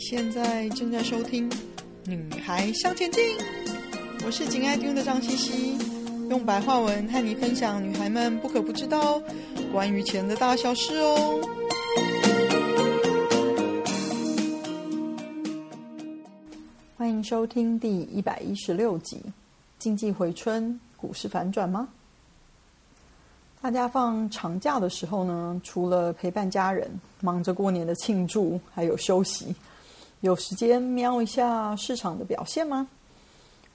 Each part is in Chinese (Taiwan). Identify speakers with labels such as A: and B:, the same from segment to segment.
A: 現在正在收聽《女孩向前進》，我是緊愛聽的張茜茜，用白話文和你分享女孩們不可不知道關於錢的大小事哦。歡迎收聽第一百一十六集：經濟回春，股市反轉嗎？大家放長假的時候呢，除了陪伴家人，忙着過年的慶祝，還有休息。有時間瞄一下市場的表現嗎？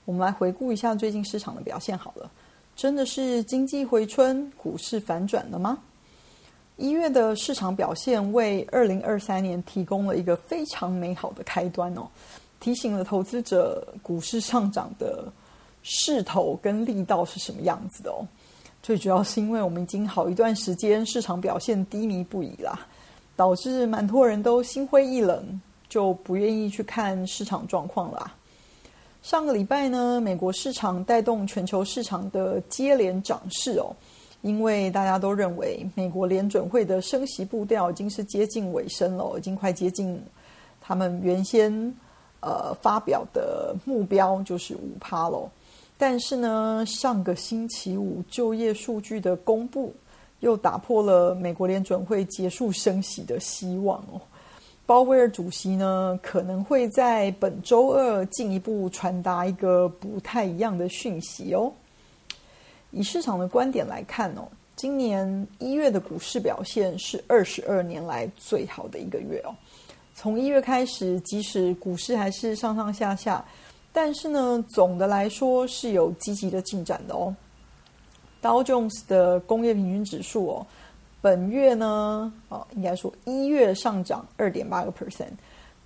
A: 我們來回顧一下最近市場的表現好了。真的是經濟回春、股市反轉了嗎？一月的市場表現為二零二三年提供了一個非常美好的開端哦，提醒了投資者股市上漲的勢頭跟力道是什麼樣子的哦。最主要是因為我們已經好一段時間市場表現低迷不已了，導致蠻多人都心灰意冷。就不願意去看市場狀況了啊。上個禮拜呢，美國市場帶動全球市場的接連漲勢哦，因為大家都認為美國聯準會的升息步調已經是接近尾聲了，已經快接近他們原先呃發表的目標，就是五趴了。但是呢，上個星期五就業數據的公布，又打破了美國聯準會結束升息的希望哦。鮑威爾主席呢，可能會在本週二進一步傳達一個不太一樣的訊息哦。以市場的觀點來看哦，今年一月的股市表現是二十二年來最好的一個月哦。從一月開始，即使股市還是上上下下，但是呢，總的來說是有積極的進展的哦。Dow Jones 的工業平均指數哦。本月呢，哦，應該說一月上漲二點八個 percent，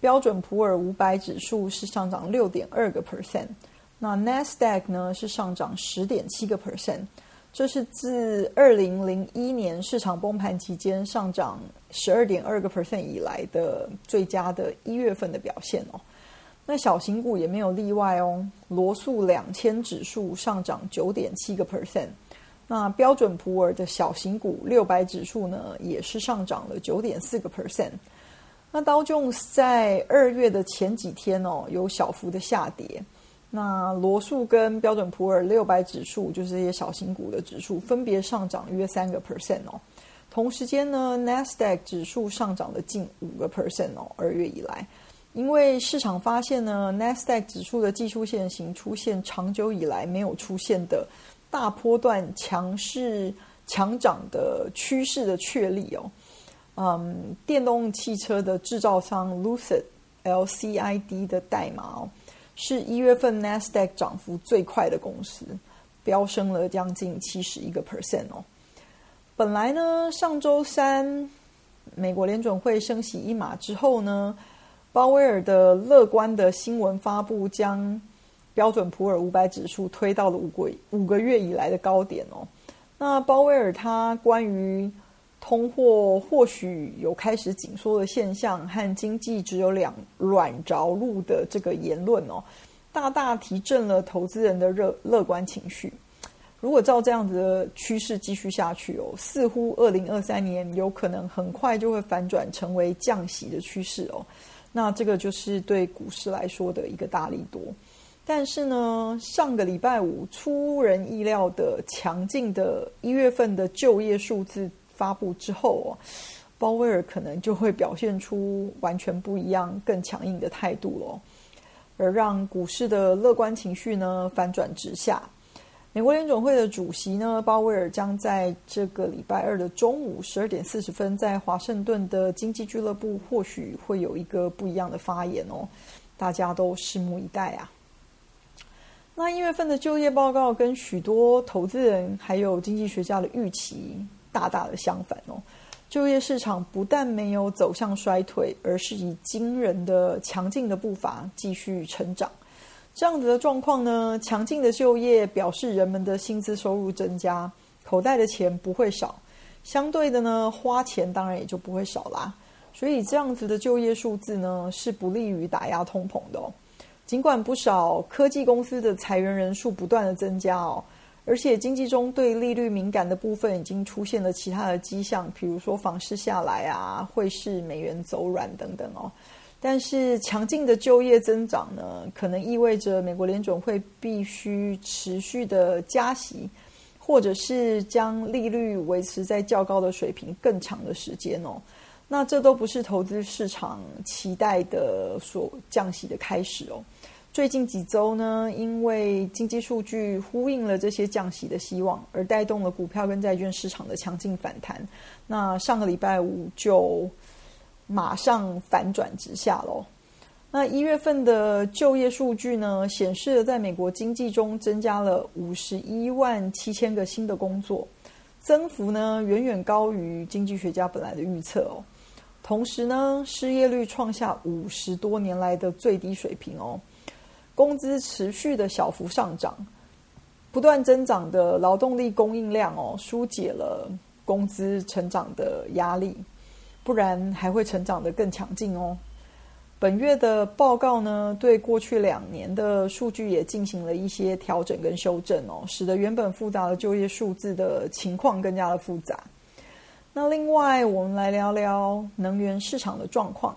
A: 標準普爾五百指數是上漲六點二個 percent，那納斯達克呢是上漲十點七個 percent，這是自二零零一年市場崩盤期間上漲十二點二個 percent 以來的最佳的一月份的表現哦。那小型股也沒有例外哦，羅素兩千指數上漲九點七個 percent。那標準普爾的小型股六百指數呢，也是上漲了九點四個 percent。那道瓊斯在二月的前幾天哦，有小幅的下跌。那羅素跟標準普爾六百指數，就是這些小型股的指數，分別上漲約三個 percent 哦。同時間呢，Nasdaq 指數上漲了近五個 percent 哦。二月以來，因為市場發現呢，Nasdaq 指數的技術線型出現長久以來沒有出現的。大波段強勢強漲的趨勢的確立哦，嗯，電動汽車的製造商 Lucid（L C I D） 的代碼哦，是一月份 Nasdaq 漲幅最快的公司，飆升了將近七十一個 percent 哦。本來呢，上周三美國聯準會升息一碼之後呢，鮑威爾的樂觀的新聞發布將標準普爾五百指數推到了五個五個月以來的高點哦。那鮑威爾他關於通貨或許有開始緊縮的現象和經濟只有兩軟着陸的這個言論哦，大大提振了投資人的熱樂觀情緒。如果照這樣子的趨勢繼續下去哦，似乎二零二三年有可能很快就會反轉成為降息的趨勢哦。那這個就是對股市來說的一個大利多。但是呢，上個禮拜五出人意料的強勁的一月份的就業數字發布之後，哦，鮑威爾可能就會表現出完全不一樣、更強硬的態度咯，而讓股市的樂觀情緒呢反轉直下。美國聯總會的主席呢，鮑威爾將在這個禮拜二的中午十二點四十分，在華盛頓的經濟俱樂部或許會有一個不一樣的發言哦，大家都拭目以待啊。1> 那一月份的就業報告跟許多投資人還有經濟學家的預期大大的相反哦。就業市場不但沒有走向衰退，而是以驚人的強勁的步伐繼續成長。這樣子的狀況呢，強勁的就業表示人們的薪資收入增加，口袋的錢不會少。相對的呢，花錢當然也就不會少啦。所以這樣子的就業數字呢，是不利於打壓通膨的哦。儘管不少科技公司的裁員人數不斷的增加哦，而且經濟中對利率敏感的部分已經出現了其他的跡象，比如說房市下來啊，匯市美元走軟等等哦。但是強勁的就業增長呢，可能意味着美國聯準會必須持續的加息，或者是將利率維持在較高的水平更長的時間哦。那這都不是投資市場期待的所降息的開始哦。最近幾週呢，因為經濟數據呼應了這些降息的希望，而帶動了股票跟債券市場的強勁反彈。那上個禮拜五就馬上反轉直下嘍。那一月份的就業數據呢，顯示了在美國經濟中增加了五十一萬七千個新的工作，增幅呢遠遠高於經濟學家本來的預測哦。同時呢，失業率創下五十多年來的最低水平哦，工資持續的小幅上漲，不斷增長的勞動力供應量哦，疏解了工資成長的壓力，不然還會成長得更強勁哦。本月的報告呢，對過去兩年的數據也進行了一些調整跟修正哦，使得原本複雜的就業數字的情況更加的複雜。那另外，我們來聊聊能源市場的狀況。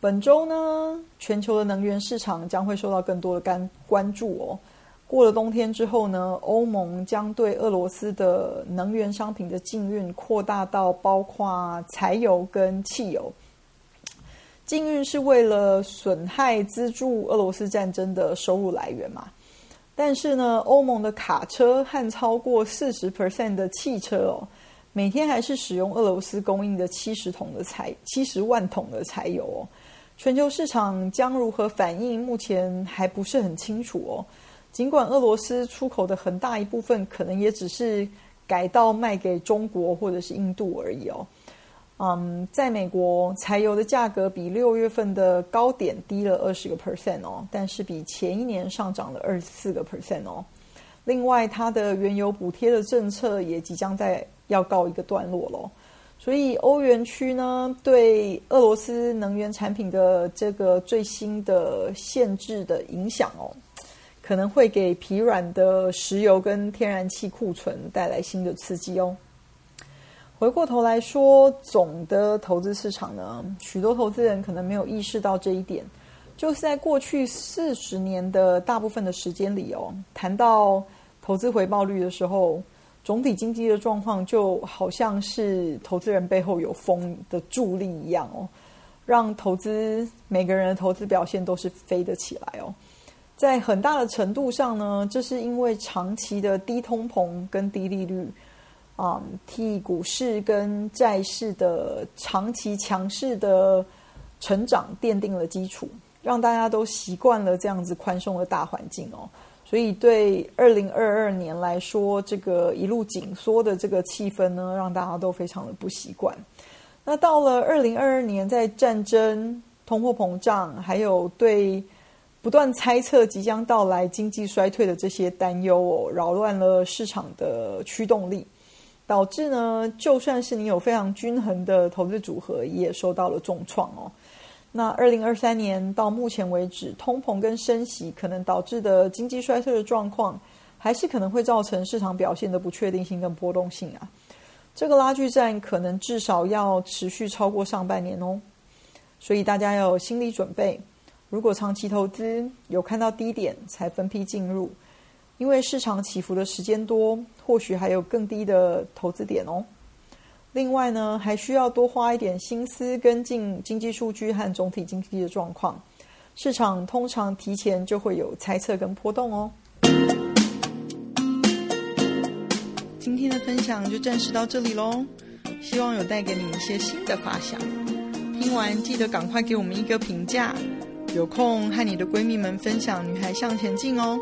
A: 本周呢，全球的能源市場將會受到更多的關注哦。過了冬天之後呢，歐盟將對俄羅斯的能源商品的禁運擴大到包括柴油跟汽油。禁運是為了損害資助俄羅斯戰爭的收入來源嘛。但是呢，歐盟的卡車和超過四十 percent 的汽車哦。每天還是使用俄羅斯供應的七十桶的柴，七十萬桶的柴油哦。全球市場將如何反應？目前還不是很清楚哦。儘管俄羅斯出口的很大一部分可能也只是改道賣給中國或者是印度而已哦。嗯，um，在美國，柴油的價格比六月份的高點低了二十個 percent 哦，但是比前一年上漲了二十四個 percent 哦。另外，它的原油補貼的政策也即將在。要告一個段落咯，所以歐元區呢對俄羅斯能源產品的這個最新的限制的影響哦，可能會給疲軟的石油跟天然氣庫存帶來新的刺激哦。回過頭來說，總的投資市場呢，許多投資人可能沒有意識到這一點，就是在過去四十年的大部分的時間裡哦，談到投資回報率的時候。總體經濟的狀況就好像是投資人背後有風的助力一樣哦，讓投資每個人的投資表現都是飛得起來哦。在很大的程度上呢，這是因為長期的低通膨跟低利率，啊、嗯，替股市跟債市的長期強勢的成長奠定了基礎，讓大家都習慣了這樣子寬鬆的大環境哦。所以，對二零二二年來說，這個一路緊縮的這個氣氛呢，讓大家都非常的不習慣。那到了二零二二年，在戰爭、通貨膨脹，還有對不斷猜測即將到來經濟衰退的這些擔憂哦，擾亂了市場的驅動力，導致呢，就算是你有非常均衡的投資組合，也受到了重創哦。那二零二三年到目前為止，通膨跟升息可能導致的經濟衰退的狀況，還是可能會造成市場表現的不確定性跟波動性啊。這個拉鋸戰可能至少要持續超過上半年哦，所以大家要有心理準備。如果長期投資，有看到低點才分批進入，因為市場起伏的時間多，或許還有更低的投資點哦。另外呢，還需要多花一點心思跟進經濟數據和總體經濟的狀況，市場通常提前就會有猜測跟波動哦。今天的分享就暫時到這裡嘍，希望有帶給你一些新的發想。聽完記得趕快給我們一個評價，有空和你的閨蜜們分享《女孩向前進》哦。